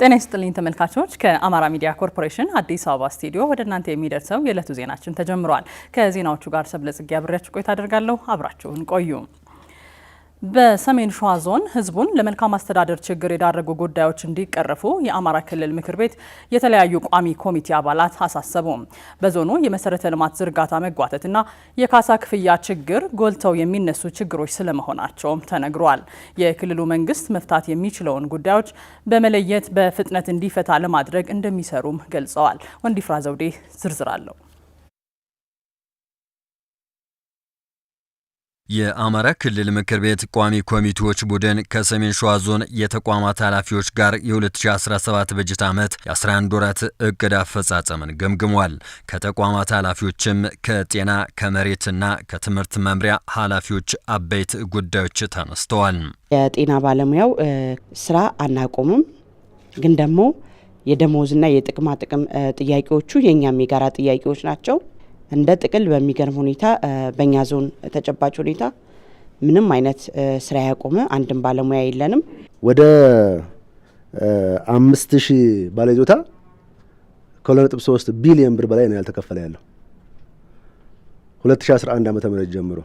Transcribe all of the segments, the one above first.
ጤና ይስጥልኝ ተመልካቾች፣ ከአማራ ሚዲያ ኮርፖሬሽን አዲስ አበባ ስቱዲዮ ወደ እናንተ የሚደርሰው የዕለቱ ዜናችን ተጀምሯል። ከዜናዎቹ ጋር ሰብለ ጽጌ አብሬያችሁ ቆይታ አደርጋለሁ። አብራችሁን ቆዩ። በሰሜን ሸዋ ዞን ህዝቡን ለመልካም አስተዳደር ችግር የዳረጉ ጉዳዮች እንዲቀረፉ የአማራ ክልል ምክር ቤት የተለያዩ ቋሚ ኮሚቴ አባላት አሳሰቡ። በዞኑ የመሰረተ ልማት ዝርጋታ መጓተትና የካሳ ክፍያ ችግር ጎልተው የሚነሱ ችግሮች ስለመሆናቸውም ተነግሯል። የክልሉ መንግስት መፍታት የሚችለውን ጉዳዮች በመለየት በፍጥነት እንዲፈታ ለማድረግ እንደሚሰሩም ገልጸዋል። ወንዲፍራ ዘውዴ ዝርዝር አለው። የአማራ ክልል ምክር ቤት ቋሚ ኮሚቴዎች ቡድን ከሰሜን ሸዋ ዞን የተቋማት ኃላፊዎች ጋር የ2017 በጀት ዓመት የ11 ወራት እቅድ አፈጻጸምን ገምግሟል። ከተቋማት ኃላፊዎችም ከጤና ከመሬትና ከትምህርት መምሪያ ኃላፊዎች አበይት ጉዳዮች ተነስተዋል። የጤና ባለሙያው ስራ አናቆምም፣ ግን ደግሞ የደሞዝና የጥቅማ ጥቅም ጥያቄዎቹ የእኛም የጋራ ጥያቄዎች ናቸው። እንደ ጥቅል በሚገርም ሁኔታ በእኛ ዞን ተጨባጭ ሁኔታ ምንም አይነት ስራ ያቆመ አንድም ባለሙያ የለንም። ወደ አምስት ሺህ ባለይዞታ ከሁለት ነጥብ ሶስት ቢሊዮን ብር በላይ ነው ያልተከፈለ ያለው 2011 ዓ ም ጀምሮ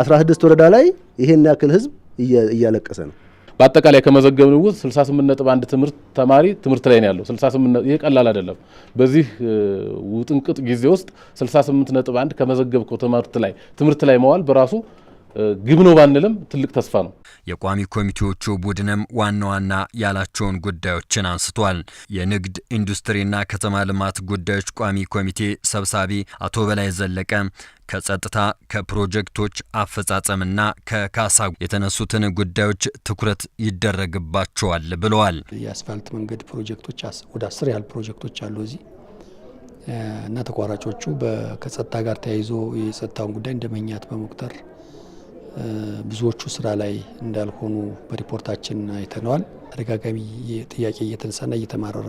16 ወረዳ ላይ ይሄን ያክል ህዝብ እያለቀሰ ነው። በአጠቃላይ ከመዘገብነው ውስጥ 68 ነጥብ አንድ ትምህርት ተማሪ ትምህርት ላይ ነው ያለው። 68 ይሄ ቀላል አይደለም። በዚህ ውጥንቅጥ ጊዜ ውስጥ 68 ነጥብ አንድ ከመዘገብከው ትምህርት ላይ ትምህርት ላይ መዋል በራሱ ግብ ነው ባንልም ትልቅ ተስፋ ነው። የቋሚ ኮሚቴዎቹ ቡድንም ዋና ዋና ያላቸውን ጉዳዮችን አንስቷል። የንግድ ኢንዱስትሪና ከተማ ልማት ጉዳዮች ቋሚ ኮሚቴ ሰብሳቢ አቶ በላይ ዘለቀ ከጸጥታ ከፕሮጀክቶች አፈጻጸምና ከካሳ የተነሱትን ጉዳዮች ትኩረት ይደረግባቸዋል ብለዋል። የአስፋልት መንገድ ፕሮጀክቶች ወደ አስር ያህል ፕሮጀክቶች አሉ እዚህ እና ተቋራጮቹ ከጸጥታ ጋር ተያይዞ የጸጥታውን ጉዳይ እንደመኛት በመቁጠር ብዙዎቹ ስራ ላይ እንዳልሆኑ በሪፖርታችን አይተነዋል። ተደጋጋሚ ጥያቄ እየተነሳና እየተማረረ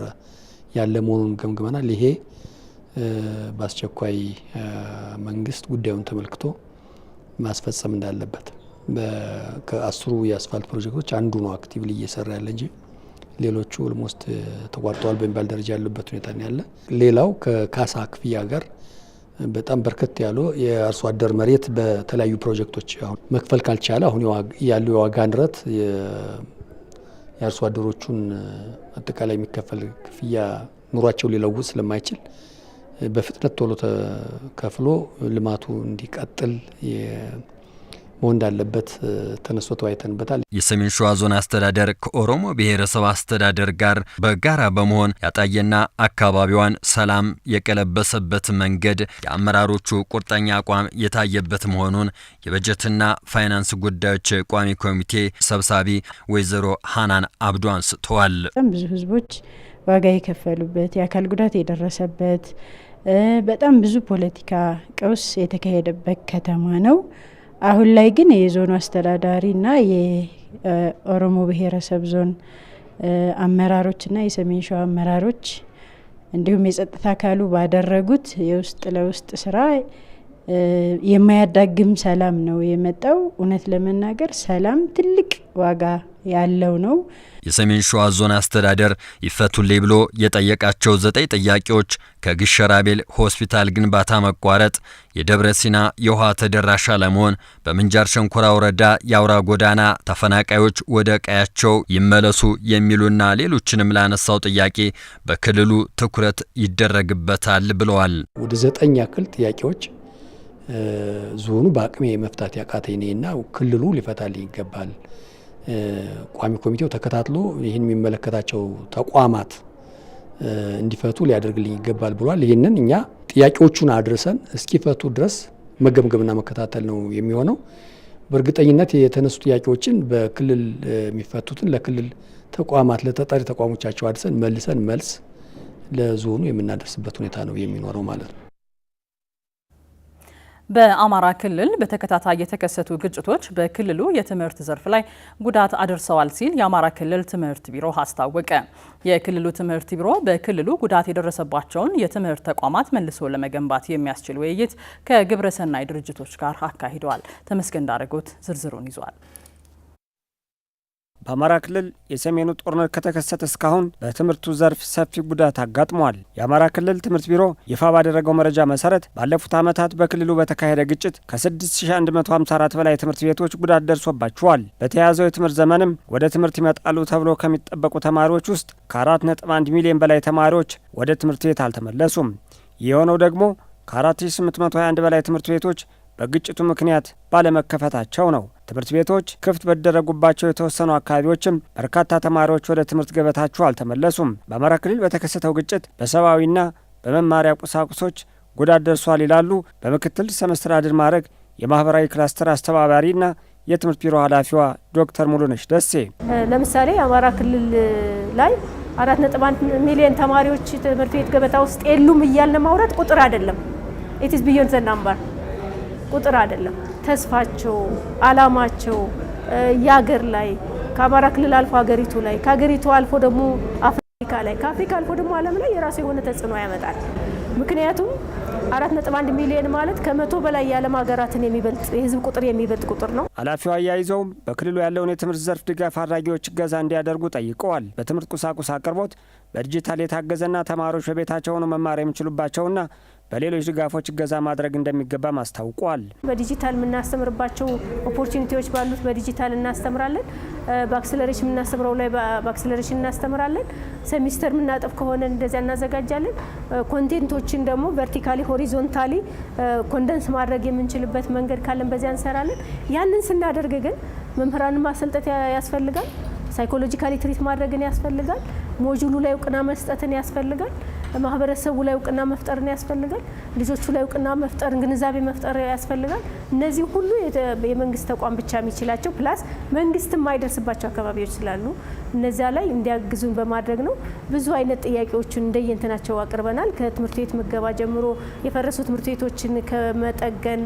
ያለ መሆኑን ገምግመናል። ይሄ በአስቸኳይ መንግስት ጉዳዩን ተመልክቶ ማስፈጸም እንዳለበት ከአስሩ የአስፋልት ፕሮጀክቶች አንዱ ነው አክቲቭሊ እየሰራ ያለ እንጂ ሌሎቹ ኦልሞስት ተቋርጠዋል በሚባል ደረጃ ያሉበት ሁኔታ ያለ። ሌላው ከካሳ ክፍያ ጋር በጣም በርከት ያሉ የአርሶ አደር መሬት በተለያዩ ፕሮጀክቶች አሁን መክፈል ካልቻለ አሁን ያለው የዋጋ ንረት የአርሶ አደሮቹን አጠቃላይ የሚከፈል ክፍያ ኑሯቸው ሊለውጥ ስለማይችል በፍጥነት ቶሎ ተከፍሎ ልማቱ እንዲቀጥል መሆን እንዳለበት ተነስቶ ተወያይተንበታል። የሰሜን ሸዋ ዞን አስተዳደር ከኦሮሞ ብሔረሰብ አስተዳደር ጋር በጋራ በመሆን ያጣየና አካባቢዋን ሰላም የቀለበሰበት መንገድ የአመራሮቹ ቁርጠኛ አቋም የታየበት መሆኑን የበጀትና ፋይናንስ ጉዳዮች ቋሚ ኮሚቴ ሰብሳቢ ወይዘሮ ሃናን አብዶ አንስተዋል። ብዙ ህዝቦች ዋጋ የከፈሉበት የአካል ጉዳት የደረሰበት በጣም ብዙ ፖለቲካ ቀውስ የተካሄደበት ከተማ ነው። አሁን ላይ ግን የዞኑ አስተዳዳሪና የኦሮሞ ብሔረሰብ ዞን አመራሮችና የሰሜን ሸዋ አመራሮች እንዲሁም የጸጥታ አካሉ ባደረጉት የውስጥ ለውስጥ ስራ የማያዳግም ሰላም ነው የመጣው። እውነት ለመናገር ሰላም ትልቅ ዋጋ ያለው ነው። የሰሜን ሸዋ ዞን አስተዳደር ይፈቱልኝ ብሎ የጠየቃቸው ዘጠኝ ጥያቄዎች ከግሸራቤል ሆስፒታል ግንባታ መቋረጥ፣ የደብረ ሲና የውሃ ተደራሽ አለመሆን፣ በምንጃር ሸንኮራ ወረዳ የአውራ ጎዳና ተፈናቃዮች ወደ ቀያቸው ይመለሱ የሚሉና ሌሎችንም ላነሳው ጥያቄ በክልሉ ትኩረት ይደረግበታል ብለዋል። ወደ ዘጠኝ ያክል ጥያቄዎች ዞኑ በአቅሜ መፍታት ያቃተኝ ነኝና ክልሉ ሊፈታልኝ ይገባል። ቋሚ ኮሚቴው ተከታትሎ ይህን የሚመለከታቸው ተቋማት እንዲፈቱ ሊያደርግልኝ ይገባል ብሏል። ይህንን እኛ ጥያቄዎቹን አድርሰን እስኪፈቱ ድረስ መገምገምና መከታተል ነው የሚሆነው። በእርግጠኝነት የተነሱ ጥያቄዎችን በክልል የሚፈቱትን ለክልል ተቋማት ለተጠሪ ተቋሞቻቸው አድርሰን መልሰን መልስ ለዞኑ የምናደርስበት ሁኔታ ነው የሚኖረው ማለት ነው። በአማራ ክልል በተከታታይ የተከሰቱ ግጭቶች በክልሉ የትምህርት ዘርፍ ላይ ጉዳት አድርሰዋል ሲል የአማራ ክልል ትምህርት ቢሮ አስታወቀ። የክልሉ ትምህርት ቢሮ በክልሉ ጉዳት የደረሰባቸውን የትምህርት ተቋማት መልሶ ለመገንባት የሚያስችል ውይይት ከግብረሰናይ ድርጅቶች ጋር አካሂደዋል። ተመስገን ዳረጎት ዝርዝሩን ይዟል። በአማራ ክልል የሰሜኑ ጦርነት ከተከሰተ እስካሁን በትምህርቱ ዘርፍ ሰፊ ጉዳት አጋጥሟል። የአማራ ክልል ትምህርት ቢሮ ይፋ ባደረገው መረጃ መሰረት ባለፉት ዓመታት በክልሉ በተካሄደ ግጭት ከ6154 በላይ ትምህርት ቤቶች ጉዳት ደርሶባቸዋል። በተያያዘው የትምህርት ዘመንም ወደ ትምህርት ይመጣሉ ተብሎ ከሚጠበቁ ተማሪዎች ውስጥ ከ4.1 ሚሊዮን በላይ ተማሪዎች ወደ ትምህርት ቤት አልተመለሱም። የሆነው ደግሞ ከ4821 በላይ ትምህርት ቤቶች በግጭቱ ምክንያት ባለመከፈታቸው ነው። ትምህርት ቤቶች ክፍት በተደረጉባቸው የተወሰኑ አካባቢዎችም በርካታ ተማሪዎች ወደ ትምህርት ገበታቸው አልተመለሱም። በአማራ ክልል በተከሰተው ግጭት በሰብአዊና በመማሪያ ቁሳቁሶች ጉዳት ደርሷል ይላሉ በምክትል ርዕሰ መስተዳድር ማዕረግ የማህበራዊ ክላስተር አስተባባሪና የትምህርት ቢሮ ኃላፊዋ ዶክተር ሙሉነሽ ደሴ ለምሳሌ አማራ ክልል ላይ አራት ነጥብ አንድ ሚሊዮን ተማሪዎች ትምህርት ቤት ገበታ ውስጥ የሉም እያልን ማውራት ቁጥር አይደለም። ኢትስ ቢዮን ዘናምባር ቁጥር አይደለም። ተስፋቸው አላማቸው የሀገር ላይ ከአማራ ክልል አልፎ ሀገሪቱ ላይ ከሀገሪቱ አልፎ ደግሞ አፍሪካ ላይ ከአፍሪካ አልፎ ደግሞ ዓለም ላይ የራሱ የሆነ ተጽዕኖ ያመጣል። ምክንያቱም አራት ነጥብ አንድ ሚሊዮን ማለት ከመቶ በላይ የዓለም ሀገራትን የሚበልጥ የህዝብ ቁጥር የሚበልጥ ቁጥር ነው። ኃላፊው አያይዘውም በክልሉ ያለውን የትምህርት ዘርፍ ድጋፍ አድራጊዎች እገዛ እንዲያደርጉ ጠይቀዋል። በትምህርት ቁሳቁስ አቅርቦት በዲጂታል የታገዘና ተማሪዎች በቤታቸው ሆነው መማር የሚችሉባቸውና በሌሎች ድጋፎች እገዛ ማድረግ እንደሚገባም አስታውቋል። በዲጂታል የምናስተምርባቸው ኦፖርቹኒቲዎች ባሉት በዲጂታል እናስተምራለን። በአክስለሬሽን የምናስተምረው ላይ በአክስለሬሽን እናስተምራለን። ሴሚስተር የምናጠፍ ከሆነ እንደዚያ እናዘጋጃለን። ኮንቴንቶችን ደግሞ ቨርቲካሊ ሆሪዞንታሊ ኮንደንስ ማድረግ የምንችልበት መንገድ ካለን በዚያ እንሰራለን። ያንን ስናደርግ ግን መምህራንን ማሰልጠት ያስፈልጋል። ሳይኮሎጂካሊ ትሪት ማድረግን ያስፈልጋል። ሞጁሉ ላይ እውቅና መስጠትን ያስፈልጋል። ማህበረሰቡ ላይ እውቅና መፍጠርን ያስፈልጋል። ልጆቹ ላይ እውቅና መፍጠርን፣ ግንዛቤ መፍጠር ያስፈልጋል። እነዚህ ሁሉ የመንግስት ተቋም ብቻ የሚችላቸው ፕላስ መንግስት የማይደርስባቸው አካባቢዎች ስላሉ እነዚያ ላይ እንዲያግዙን በማድረግ ነው። ብዙ አይነት ጥያቄዎችን እንደየንትናቸው አቅርበናል። ከትምህርት ቤት ምገባ ጀምሮ የፈረሱ ትምህርት ቤቶችን ከመጠገን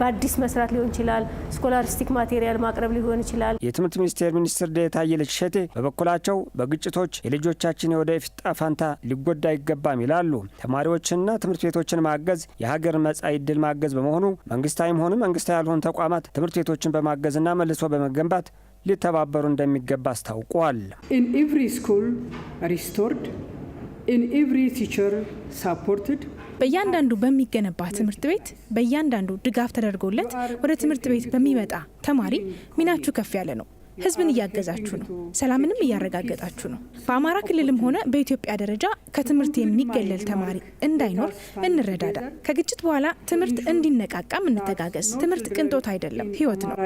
በአዲስ መስራት ሊሆን ይችላል። ስኮላሪስቲክ ማቴሪያል ማቅረብ ሊሆን ይችላል። የትምህርት ሚኒስቴር ሚኒስትር ዴኤታ አየለች እሸቴ በበኩላቸው በግጭቶች የልጆቻችን የወደፊት ጣፋንታ ሊጎዳ ይገባል አይገባም ይላሉ። ተማሪዎችንና ትምህርት ቤቶችን ማገዝ የሀገር መጻኢ ዕድል ማገዝ በመሆኑ መንግስታዊም ሆኑ መንግስታዊ ያልሆኑ ተቋማት ትምህርት ቤቶችን በማገዝና መልሶ በመገንባት ሊተባበሩ እንደሚገባ አስታውቋል። ኢን ኤቭሪ ስኩል ሪስቶርድ ኢን ኤቭሪ ቲቸር ሳፖርትድ በእያንዳንዱ በሚገነባ ትምህርት ቤት በእያንዳንዱ ድጋፍ ተደርጎለት ወደ ትምህርት ቤት በሚመጣ ተማሪ ሚናችሁ ከፍ ያለ ነው። ህዝብን እያገዛችሁ ነው፣ ሰላምንም እያረጋገጣችሁ ነው። በአማራ ክልልም ሆነ በኢትዮጵያ ደረጃ ከትምህርት የሚገለል ተማሪ እንዳይኖር እንረዳዳ። ከግጭት በኋላ ትምህርት እንዲነቃቃም እንተጋገዝ። ትምህርት ቅንጦት አይደለም፣ ህይወት ነው።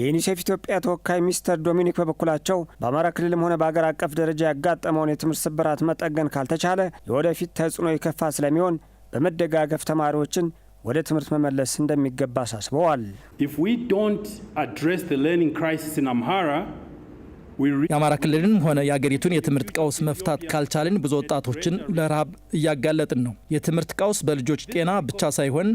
የዩኒሴፍ ኢትዮጵያ ተወካይ ሚስተር ዶሚኒክ በበኩላቸው በአማራ ክልልም ሆነ በአገር አቀፍ ደረጃ ያጋጠመውን የትምህርት ስብራት መጠገን ካልተቻለ የወደፊት ተጽዕኖ የከፋ ስለሚሆን በመደጋገፍ ተማሪዎችን ወደ ትምህርት መመለስ እንደሚገባ አሳስበዋል። የአማራ ክልልንም ሆነ የአገሪቱን የትምህርት ቀውስ መፍታት ካልቻልን ብዙ ወጣቶችን ለረሃብ እያጋለጥን ነው። የትምህርት ቀውስ በልጆች ጤና ብቻ ሳይሆን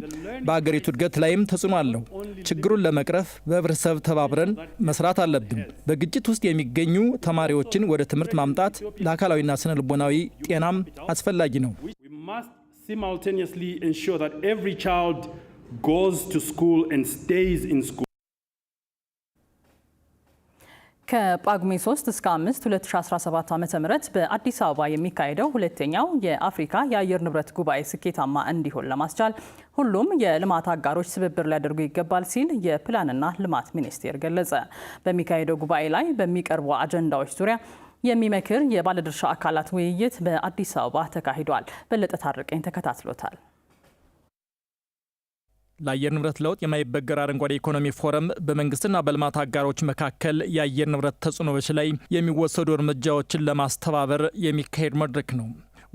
በአገሪቱ እድገት ላይም ተጽዕኖ አለው። ችግሩን ለመቅረፍ በህብረተሰብ ተባብረን መስራት አለብን። በግጭት ውስጥ የሚገኙ ተማሪዎችን ወደ ትምህርት ማምጣት ለአካላዊና ስነ ልቦናዊ ጤናም አስፈላጊ ነው። simultaneously ensure that every child goes to school and stays in school. ከጳጉሜ 3 እስከ 5 2017 ዓ ም በአዲስ አበባ የሚካሄደው ሁለተኛው የአፍሪካ የአየር ንብረት ጉባኤ ስኬታማ እንዲሆን ለማስቻል ሁሉም የልማት አጋሮች ትብብር ሊያደርጉ ይገባል ሲል የፕላንና ልማት ሚኒስቴር ገለጸ። በሚካሄደው ጉባኤ ላይ በሚቀርቡ አጀንዳዎች ዙሪያ የሚመክር የባለድርሻ አካላት ውይይት በአዲስ አበባ ተካሂዷል። በለጠ ታርቀኝ ተከታትሎታል። ለአየር ንብረት ለውጥ የማይበገር አረንጓዴ ኢኮኖሚ ፎረም በመንግስትና በልማት አጋሮች መካከል የአየር ንብረት ተጽዕኖዎች ላይ የሚወሰዱ እርምጃዎችን ለማስተባበር የሚካሄድ መድረክ ነው።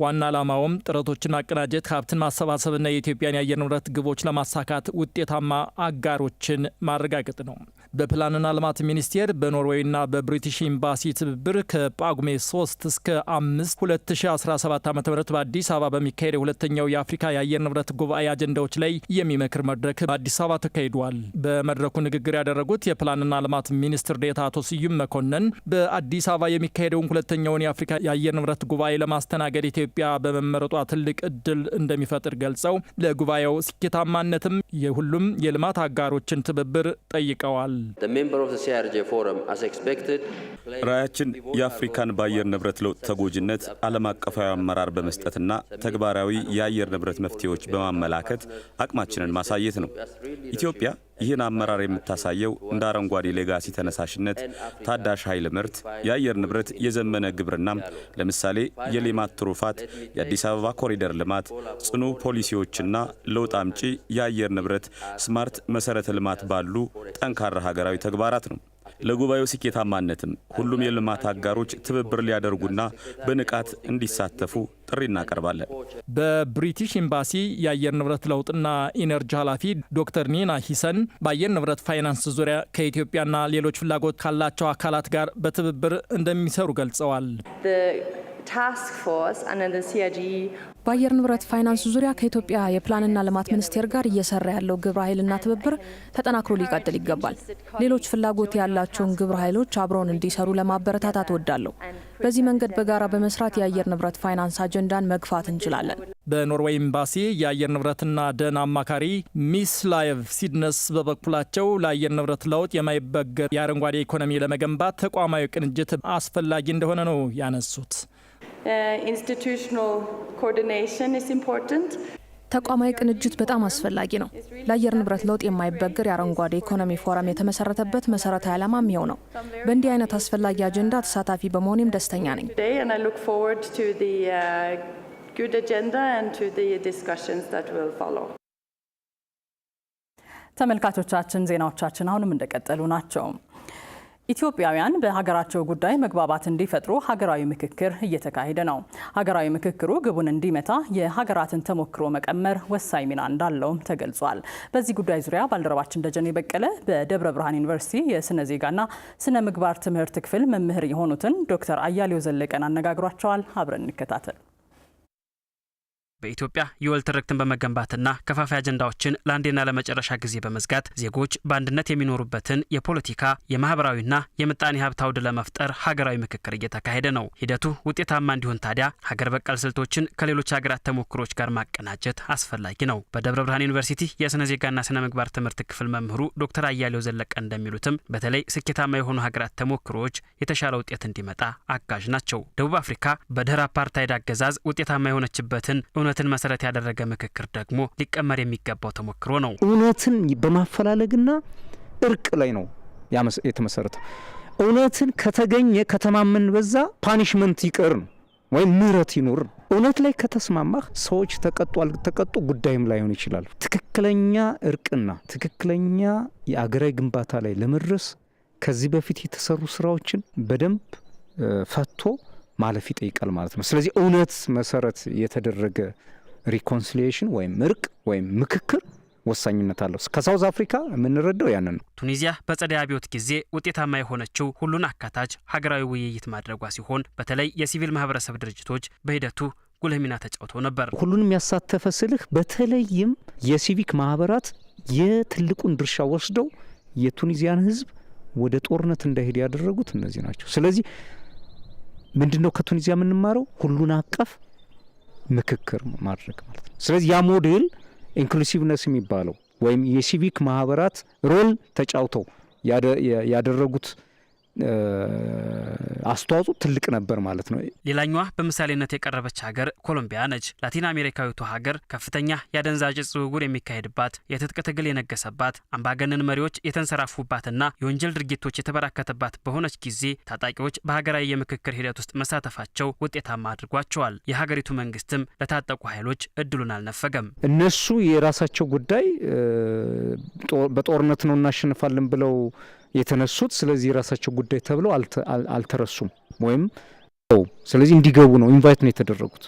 ዋና ዓላማውም ጥረቶችን ማቀናጀት፣ ሀብትን ማሰባሰብና የኢትዮጵያን የአየር ንብረት ግቦች ለማሳካት ውጤታማ አጋሮችን ማረጋገጥ ነው። በፕላንና ልማት ሚኒስቴር በኖርዌይና በብሪቲሽ ኤምባሲ ትብብር ከጳጉሜ 3 እስከ 5 2017 ዓ ም በአዲስ አበባ በሚካሄድ የሁለተኛው የአፍሪካ የአየር ንብረት ጉባኤ አጀንዳዎች ላይ የሚመክር መድረክ በአዲስ አበባ ተካሂዷል። በመድረኩ ንግግር ያደረጉት የፕላንና ልማት ሚኒስትር ዴታ አቶ ስዩም መኮንን በአዲስ አበባ የሚካሄደውን ሁለተኛውን የአፍሪካ የአየር ንብረት ጉባኤ ለማስተናገድ ኢትዮጵያ በመመረጧ ትልቅ እድል እንደሚፈጥር ገልጸው ለጉባኤው ስኬታማነትም የሁሉም የልማት አጋሮችን ትብብር ጠይቀዋል። ራዕያችን የአፍሪካን በአየር ንብረት ለውጥ ተጎጂነት ዓለም አቀፋዊ አመራር በመስጠትና ተግባራዊ የአየር ንብረት መፍትሄዎች በማመላከት አቅማችንን ማሳየት ነው። ኢትዮጵያ ይህን አመራር የምታሳየው እንደ አረንጓዴ ሌጋሲ ተነሳሽነት፣ ታዳሽ ኃይል ምርት፣ የአየር ንብረት የዘመነ ግብርና፣ ለምሳሌ የሌማት ትሩፋት፣ የአዲስ አበባ ኮሪደር ልማት፣ ጽኑ ፖሊሲዎችና ለውጥ አምጪ የአየር ንብረት፣ ስማርት መሰረተ ልማት ባሉ ጠንካራ ሀገራዊ ተግባራት ነው። ለጉባኤው ስኬታማነትም ሁሉም የልማት አጋሮች ትብብር ሊያደርጉና በንቃት እንዲሳተፉ ጥሪ እናቀርባለን። በብሪቲሽ ኤምባሲ የአየር ንብረት ለውጥና ኢነርጂ ኃላፊ ዶክተር ኒና ሂሰን በአየር ንብረት ፋይናንስ ዙሪያ ከኢትዮጵያና ሌሎች ፍላጎት ካላቸው አካላት ጋር በትብብር እንደሚሰሩ ገልጸዋል። በአየር ንብረት ፋይናንስ ዙሪያ ከኢትዮጵያ የፕላንና ልማት ሚኒስቴር ጋር እየሰራ ያለው ግብረ ኃይልና ትብብር ተጠናክሮ ሊቀጥል ይገባል። ሌሎች ፍላጎት ያላቸውን ግብረ ኃይሎች አብረውን እንዲሰሩ ለማበረታታት እወዳለሁ። በዚህ መንገድ በጋራ በመስራት የአየር ንብረት ፋይናንስ አጀንዳን መግፋት እንችላለን። በኖርዌይ ኤምባሲ የአየር ንብረትና ደን አማካሪ ሚስ ላየቭ ሲድነስ በበኩላቸው ለአየር ንብረት ለውጥ የማይበገር የአረንጓዴ ኢኮኖሚ ለመገንባት ተቋማዊ ቅንጅት አስፈላጊ እንደሆነ ነው ያነሱት። Uh, ተቋማዊ ቅንጅት በጣም አስፈላጊ ነው። ለአየር ንብረት ለውጥ የማይበግር የአረንጓዴ ኢኮኖሚ ፎረም የተመሰረተበት መሰረታዊ ዓላማም ይኸው ነው። በእንዲህ አይነት አስፈላጊ አጀንዳ ተሳታፊ በመሆኔም ደስተኛ ነኝ። uh, ተመልካቾቻችን ዜናዎቻችን አሁንም እንደቀጠሉ ናቸው። ኢትዮጵያውያን በሀገራቸው ጉዳይ መግባባት እንዲፈጥሩ ሀገራዊ ምክክር እየተካሄደ ነው። ሀገራዊ ምክክሩ ግቡን እንዲመታ የሀገራትን ተሞክሮ መቀመር ወሳኝ ሚና እንዳለውም ተገልጿል። በዚህ ጉዳይ ዙሪያ ባልደረባችን ደጀኔ በቀለ በደብረ ብርሃን ዩኒቨርሲቲ የስነ ዜጋና ስነ ምግባር ትምህርት ክፍል መምህር የሆኑትን ዶክተር አያሌው ዘለቀን አነጋግሯቸዋል። አብረን እንከታተል። በኢትዮጵያ የወል ትርክትን በመገንባትና ከፋፊ አጀንዳዎችን ለአንዴና ለመጨረሻ ጊዜ በመዝጋት ዜጎች በአንድነት የሚኖሩበትን የፖለቲካ የማህበራዊና የምጣኔ ሀብት አውድ ለመፍጠር ሀገራዊ ምክክር እየተካሄደ ነው። ሂደቱ ውጤታማ እንዲሆን ታዲያ ሀገር በቀል ስልቶችን ከሌሎች ሀገራት ተሞክሮች ጋር ማቀናጀት አስፈላጊ ነው። በደብረ ብርሃን ዩኒቨርሲቲ የስነ ዜጋና ስነ ምግባር ትምህርት ክፍል መምህሩ ዶክተር አያሌው ዘለቀ እንደሚሉትም በተለይ ስኬታማ የሆኑ ሀገራት ተሞክሮዎች የተሻለ ውጤት እንዲመጣ አጋዥ ናቸው። ደቡብ አፍሪካ በድህረ አፓርታይድ አገዛዝ ውጤታማ የሆነችበትን እውነትን መሰረት ያደረገ ምክክር ደግሞ ሊቀመር የሚገባው ተሞክሮ ነው። እውነትን በማፈላለግና እርቅ ላይ ነው የተመሰረተ እውነትን ከተገኘ ከተማመን በዛ ፓኒሽመንት ይቅር ነው ወይም ምህረት ይኑር ነው። እውነት ላይ ከተስማማህ ሰዎች ተቀጡ አልተቀጡ ጉዳይም ላይሆን ይችላል። ትክክለኛ እርቅና ትክክለኛ የአገራዊ ግንባታ ላይ ለመድረስ ከዚህ በፊት የተሰሩ ስራዎችን በደንብ ፈቶ ማለፍ ይጠይቃል ማለት ነው። ስለዚህ እውነት መሰረት የተደረገ ሪኮንሲሊሽን ወይም እርቅ ወይም ምክክር ወሳኝነት አለው። ከሳውዝ አፍሪካ የምንረዳው ያንን ነው። ቱኒዚያ በጸደይ አብዮት ጊዜ ውጤታማ የሆነችው ሁሉን አካታች ሀገራዊ ውይይት ማድረጓ ሲሆን በተለይ የሲቪል ማህበረሰብ ድርጅቶች በሂደቱ ጉልህ ሚና ተጫውተው ነበር። ሁሉንም ያሳተፈ ስልህ በተለይም የሲቪክ ማህበራት የትልቁን ድርሻ ወስደው የቱኒዚያን ህዝብ ወደ ጦርነት እንዳይሄድ ያደረጉት እነዚህ ናቸው። ስለዚህ ምንድን ነው ከቱኒዚያ የምንማረው ሁሉን አቀፍ ምክክር ማድረግ ማለት ነው። ስለዚህ ያ ሞዴል ኢንክሉሲቭነስ የሚባለው ወይም የሲቪክ ማህበራት ሮል ተጫውተው ያደረጉት አስተዋጽኦ ትልቅ ነበር ማለት ነው። ሌላኛዋ በምሳሌነት የቀረበች ሀገር ኮሎምቢያ ነች። ላቲን አሜሪካዊቱ ሀገር ከፍተኛ የአደንዛዥ ዝውውር የሚካሄድባት፣ የትጥቅ ትግል የነገሰባት፣ አምባገነን መሪዎች የተንሰራፉባትና የወንጀል ድርጊቶች የተበራከተባት በሆነች ጊዜ ታጣቂዎች በሀገራዊ የምክክር ሂደት ውስጥ መሳተፋቸው ውጤታማ አድርጓቸዋል። የሀገሪቱ መንግስትም ለታጠቁ ኃይሎች እድሉን አልነፈገም። እነሱ የራሳቸው ጉዳይ በጦርነት ነው እናሸንፋለን ብለው የተነሱት። ስለዚህ የራሳቸው ጉዳይ ተብለው አልተረሱም ወይም ስለዚህ እንዲገቡ ነው ኢንቫይት ነው የተደረጉት።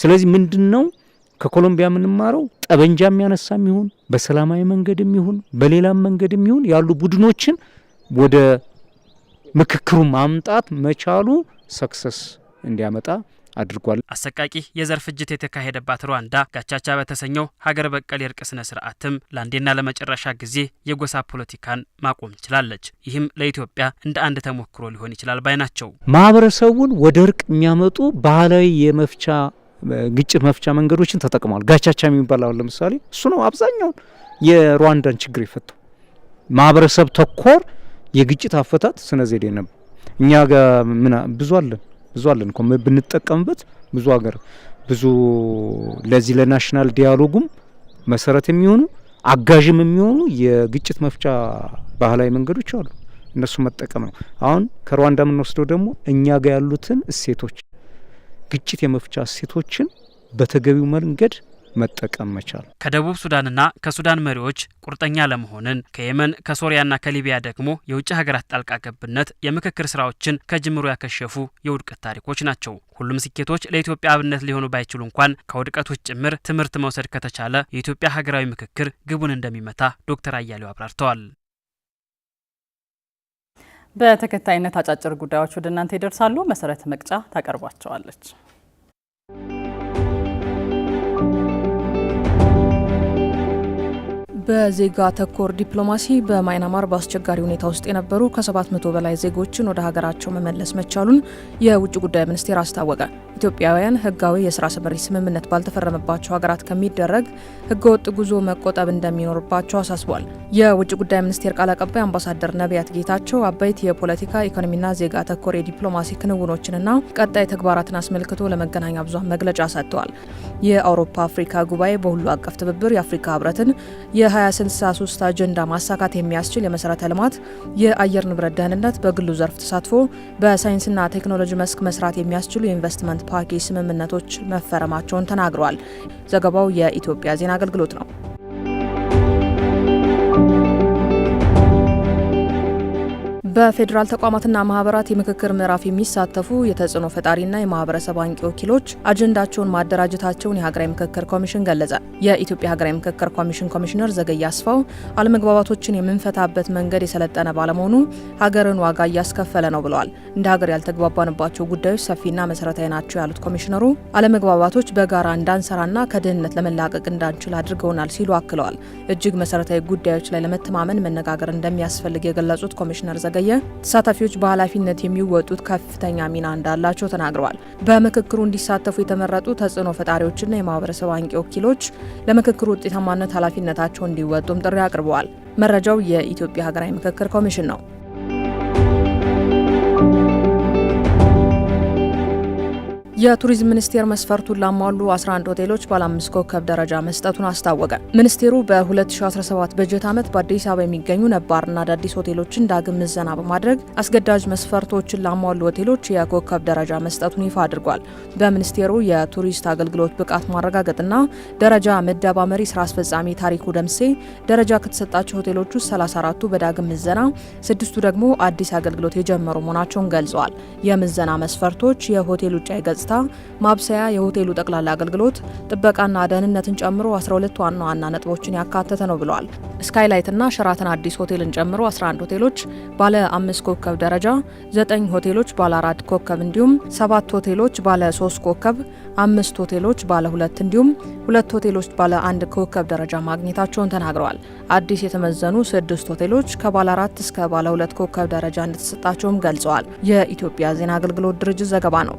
ስለዚህ ምንድን ነው ከኮሎምቢያ የምንማረው ጠበንጃ የሚያነሳ የሚሆን በሰላማዊ መንገድ የሚሆን በሌላም መንገድ የሚሆን ያሉ ቡድኖችን ወደ ምክክሩ ማምጣት መቻሉ ሰክሰስ እንዲያመጣ አድርጓል። አሰቃቂ የዘር ፍጅት የተካሄደባት ሩዋንዳ ጋቻቻ በተሰኘው ሀገር በቀል የእርቅ ስነ ስርዓትም ለአንዴና ለመጨረሻ ጊዜ የጎሳ ፖለቲካን ማቆም ችላለች። ይህም ለኢትዮጵያ እንደ አንድ ተሞክሮ ሊሆን ይችላል ባይ ናቸው። ማህበረሰቡን ወደ እርቅ የሚያመጡ ባህላዊ የመፍቻ ግጭት መፍቻ መንገዶችን ተጠቅመዋል። ጋቻቻ የሚባል አሁን ለምሳሌ እሱ ነው አብዛኛውን የሩዋንዳን ችግር የፈታው ማህበረሰብ ተኮር የግጭት አፈታት ስነ ዘዴ ነበር። እኛ ጋር ምን ብዙ አለን ብዙ አለን እኮ ብንጠቀምበት ብዙ ሀገር ብዙ ለዚህ ለናሽናል ዲያሎጉም መሰረት የሚሆኑ አጋዥም የሚሆኑ የግጭት መፍቻ ባህላዊ መንገዶች አሉ። እነሱ መጠቀም ነው። አሁን ከሩዋንዳ የምንወስደው ደግሞ እኛ ጋር ያሉትን እሴቶች፣ ግጭት የመፍቻ እሴቶችን በተገቢው መንገድ መጠቀም መቻል ከደቡብ ሱዳንና ከሱዳን መሪዎች ቁርጠኛ ለመሆንን ከየመን ከሶሪያና ከሊቢያ ደግሞ የውጭ ሀገራት ጣልቃ ገብነት የምክክር ስራዎችን ከጅምሩ ያከሸፉ የውድቀት ታሪኮች ናቸው። ሁሉም ስኬቶች ለኢትዮጵያ አብነት ሊሆኑ ባይችሉ እንኳን ከውድቀቶች ጭምር ትምህርት መውሰድ ከተቻለ የኢትዮጵያ ሀገራዊ ምክክር ግቡን እንደሚመታ ዶክተር አያሌው አብራርተዋል። በተከታይነት አጫጭር ጉዳዮች ወደ እናንተ ይደርሳሉ። መሰረት መቅጫ ታቀርቧቸዋለች። በዜጋ ተኮር ዲፕሎማሲ በማይናማር በአስቸጋሪ ሁኔታ ውስጥ የነበሩ ከ700 በላይ ዜጎችን ወደ ሀገራቸው መመለስ መቻሉን የውጭ ጉዳይ ሚኒስቴር አስታወቀ። ኢትዮጵያውያን ሕጋዊ የስራ ስምሪት ስምምነት ባልተፈረመባቸው ሀገራት ከሚደረግ ሕገወጥ ጉዞ መቆጠብ እንደሚኖርባቸው አሳስቧል። የውጭ ጉዳይ ሚኒስቴር ቃል አቀባይ አምባሳደር ነቢያት ጌታቸው አበይት የፖለቲካ ኢኮኖሚና ዜጋ ተኮር የዲፕሎማሲ ክንውኖችንና ቀጣይ ተግባራትን አስመልክቶ ለመገናኛ ብዙኃን መግለጫ ሰጥተዋል። የአውሮፓ አፍሪካ ጉባኤ በሁሉ አቀፍ ትብብር የአፍሪካ ህብረትን የ2063 አጀንዳ ማሳካት የሚያስችል የመሰረተ ልማት፣ የአየር ንብረት ደህንነት፣ በግሉ ዘርፍ ተሳትፎ፣ በሳይንስና ቴክኖሎጂ መስክ መስራት የሚያስችሉ የኢንቨስትመንት ፓኬጅ ስምምነቶች መፈረማቸውን ተናግረዋል። ዘገባው የኢትዮጵያ ዜና አገልግሎት ነው። በፌዴራል ተቋማትና ማህበራት የምክክር ምዕራፍ የሚሳተፉ የተጽዕኖ ፈጣሪና የማህበረሰብ አንቂ ወኪሎች አጀንዳቸውን ማደራጀታቸውን የሀገራዊ ምክክር ኮሚሽን ገለጸ። የኢትዮጵያ ሀገራዊ ምክክር ኮሚሽን ኮሚሽነር ዘገየ አስፋው አለመግባባቶችን የምንፈታበት መንገድ የሰለጠነ ባለመሆኑ ሀገርን ዋጋ እያስከፈለ ነው ብለዋል። እንደ ሀገር ያልተግባባንባቸው ጉዳዮች ሰፊና መሰረታዊ ናቸው ያሉት ኮሚሽነሩ አለመግባባቶች በጋራ እንዳንሰራና ከድህነት ለመላቀቅ እንዳንችል አድርገውናል ሲሉ አክለዋል። እጅግ መሰረታዊ ጉዳዮች ላይ ለመተማመን መነጋገር እንደሚያስፈልግ የገለጹት ኮሚሽነር ዘገ ለማስቀየር ተሳታፊዎች በኃላፊነት የሚወጡት ከፍተኛ ሚና እንዳላቸው ተናግረዋል። በምክክሩ እንዲሳተፉ የተመረጡ ተጽዕኖ ፈጣሪዎችና የማህበረሰብ አንቂ ወኪሎች ለምክክሩ ውጤታማነት ኃላፊነታቸው እንዲወጡም ጥሪ አቅርበዋል። መረጃው የኢትዮጵያ ሀገራዊ ምክክር ኮሚሽን ነው። የቱሪዝም ሚኒስቴር መስፈርቱን ላሟሉ 11 ሆቴሎች ባለ አምስት ኮከብ ደረጃ መስጠቱን አስታወቀ። ሚኒስቴሩ በ2017 በጀት ዓመት በአዲስ አበባ የሚገኙ ነባርና አዳዲስ ሆቴሎችን ዳግም ምዘና በማድረግ አስገዳጅ መስፈርቶችን ላሟሉ ሆቴሎች የኮከብ ደረጃ መስጠቱን ይፋ አድርጓል። በሚኒስቴሩ የቱሪስት አገልግሎት ብቃት ማረጋገጥና ደረጃ ምደባ መሪ ስራ አስፈጻሚ ታሪኩ ደምሴ ደረጃ ከተሰጣቸው ሆቴሎች ውስጥ 34ቱ በዳግም ምዘና፣ ስድስቱ ደግሞ አዲስ አገልግሎት የጀመሩ መሆናቸውን ገልጸዋል። የምዘና መስፈርቶች የሆቴል ውጫዊ ገጽታ ደስታ፣ ማብሰያ፣ የሆቴሉ ጠቅላላ አገልግሎት፣ ጥበቃና ደህንነትን ጨምሮ 12 ዋና ዋና ነጥቦችን ያካተተ ነው ብለዋል። ስካይላይትና ሸራተን አዲስ ሆቴልን ጨምሮ 11 ሆቴሎች ባለ አምስት ኮከብ ደረጃ፣ ዘጠኝ ሆቴሎች ባለ አራት ኮከብ እንዲሁም ሰባት ሆቴሎች ባለ ሶስት ኮከብ፣ አምስት ሆቴሎች ባለ ሁለት እንዲሁም ሁለት ሆቴሎች ባለ አንድ ኮከብ ደረጃ ማግኘታቸውን ተናግረዋል። አዲስ የተመዘኑ ስድስት ሆቴሎች ከባለ አራት እስከ ባለ ሁለት ኮከብ ደረጃ እንደተሰጣቸውም ገልጸዋል። የኢትዮጵያ ዜና አገልግሎት ድርጅት ዘገባ ነው።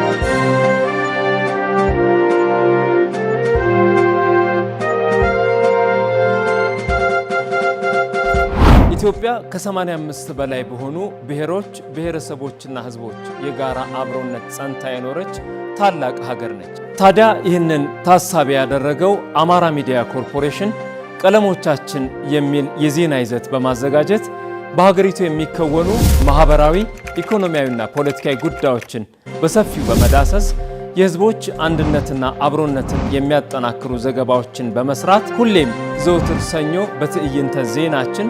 ኢትዮጵያ ከ85 በላይ በሆኑ ብሔሮች ብሔረሰቦችና ሕዝቦች የጋራ አብሮነት ጸንታ የኖረች ታላቅ ሀገር ነች። ታዲያ ይህንን ታሳቢ ያደረገው አማራ ሚዲያ ኮርፖሬሽን ቀለሞቻችን የሚል የዜና ይዘት በማዘጋጀት በሀገሪቱ የሚከወኑ ማህበራዊ፣ ኢኮኖሚያዊና ፖለቲካዊ ጉዳዮችን በሰፊው በመዳሰስ የህዝቦች አንድነትና አብሮነትን የሚያጠናክሩ ዘገባዎችን በመስራት ሁሌም ዘውትር ሰኞ በትዕይንተ ዜናችን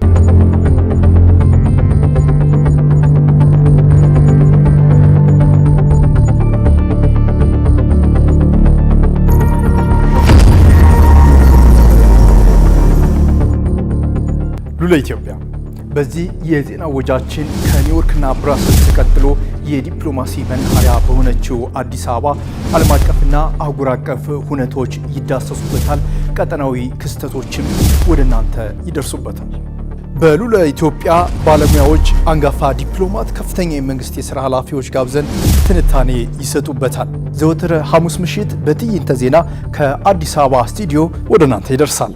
ሉላ ኢትዮጵያ በዚህ የዜና ወጃችን ከኒውዮርክና ብራስልስ ተቀጥሎ የዲፕሎማሲ መናኸሪያ በሆነችው አዲስ አበባ ዓለም አቀፍና አህጉር አቀፍ ሁነቶች ይዳሰሱበታል። ቀጠናዊ ክስተቶችም ወደ እናንተ ይደርሱበታል። በሉላ ኢትዮጵያ ባለሙያዎች፣ አንጋፋ ዲፕሎማት፣ ከፍተኛ የመንግስት የሥራ ኃላፊዎች ጋብዘን ትንታኔ ይሰጡበታል። ዘወትር ሐሙስ ምሽት በትዕይንተ ዜና ከአዲስ አበባ ስቱዲዮ ወደ እናንተ ይደርሳል።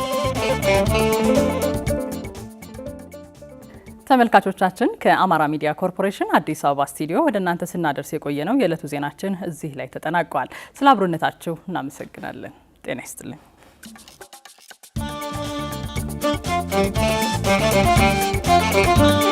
ተመልካቾቻችን ከአማራ ሚዲያ ኮርፖሬሽን አዲስ አበባ ስቱዲዮ ወደ እናንተ ስናደርስ የቆየ ነው የዕለቱ ዜናችን እዚህ ላይ ተጠናቋል። ስለ አብሮነታችሁ እናመሰግናለን። ጤና ይስጥልኝ።